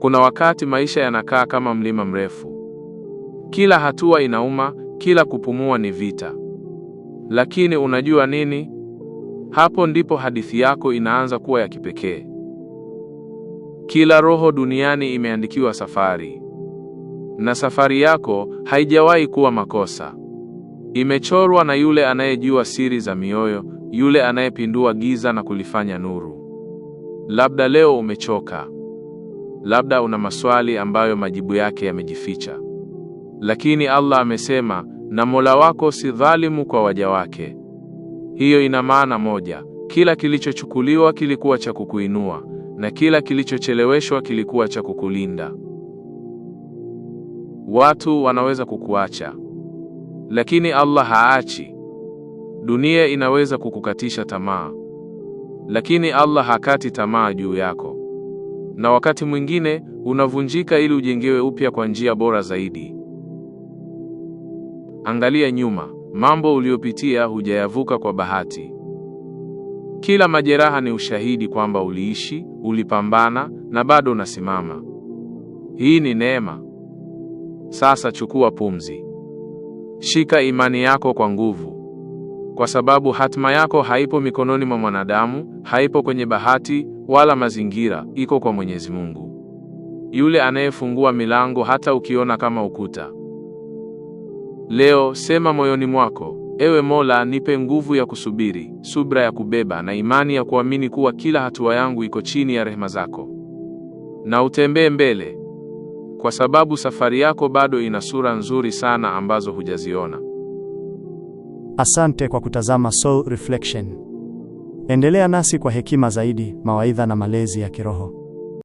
Kuna wakati maisha yanakaa kama mlima mrefu, kila hatua inauma, kila kupumua ni vita. Lakini unajua nini? Hapo ndipo hadithi yako inaanza kuwa ya kipekee. Kila roho duniani imeandikiwa safari, na safari yako haijawahi kuwa makosa. Imechorwa na yule anayejua siri za mioyo, yule anayepindua giza na kulifanya nuru. Labda leo umechoka Labda una maswali ambayo majibu yake yamejificha, lakini Allah amesema, na Mola wako si dhalimu kwa waja wake. Hiyo ina maana moja: kila kilichochukuliwa kilikuwa cha kukuinua na kila kilichocheleweshwa kilikuwa cha kukulinda. Watu wanaweza kukuacha, lakini Allah haachi. Dunia inaweza kukukatisha tamaa, lakini Allah hakati tamaa juu yako na wakati mwingine unavunjika ili ujengewe upya kwa njia bora zaidi. Angalia nyuma, mambo uliyopitia hujayavuka kwa bahati. Kila majeraha ni ushahidi kwamba uliishi, ulipambana na bado unasimama. Hii ni neema. Sasa chukua pumzi. Shika imani yako kwa nguvu, kwa sababu hatima yako haipo mikononi mwa mwanadamu, haipo kwenye bahati, wala mazingira iko kwa Mwenyezi Mungu, yule anayefungua milango hata ukiona kama ukuta. Leo sema moyoni mwako, ewe Mola, nipe nguvu ya kusubiri, subra ya kubeba na imani ya kuamini kuwa kila hatua yangu iko chini ya rehema zako. Na utembee mbele, kwa sababu safari yako bado ina sura nzuri sana ambazo hujaziona. Asante kwa kutazama Soul Reflection. Endelea nasi kwa hekima zaidi, mawaidha na malezi ya kiroho.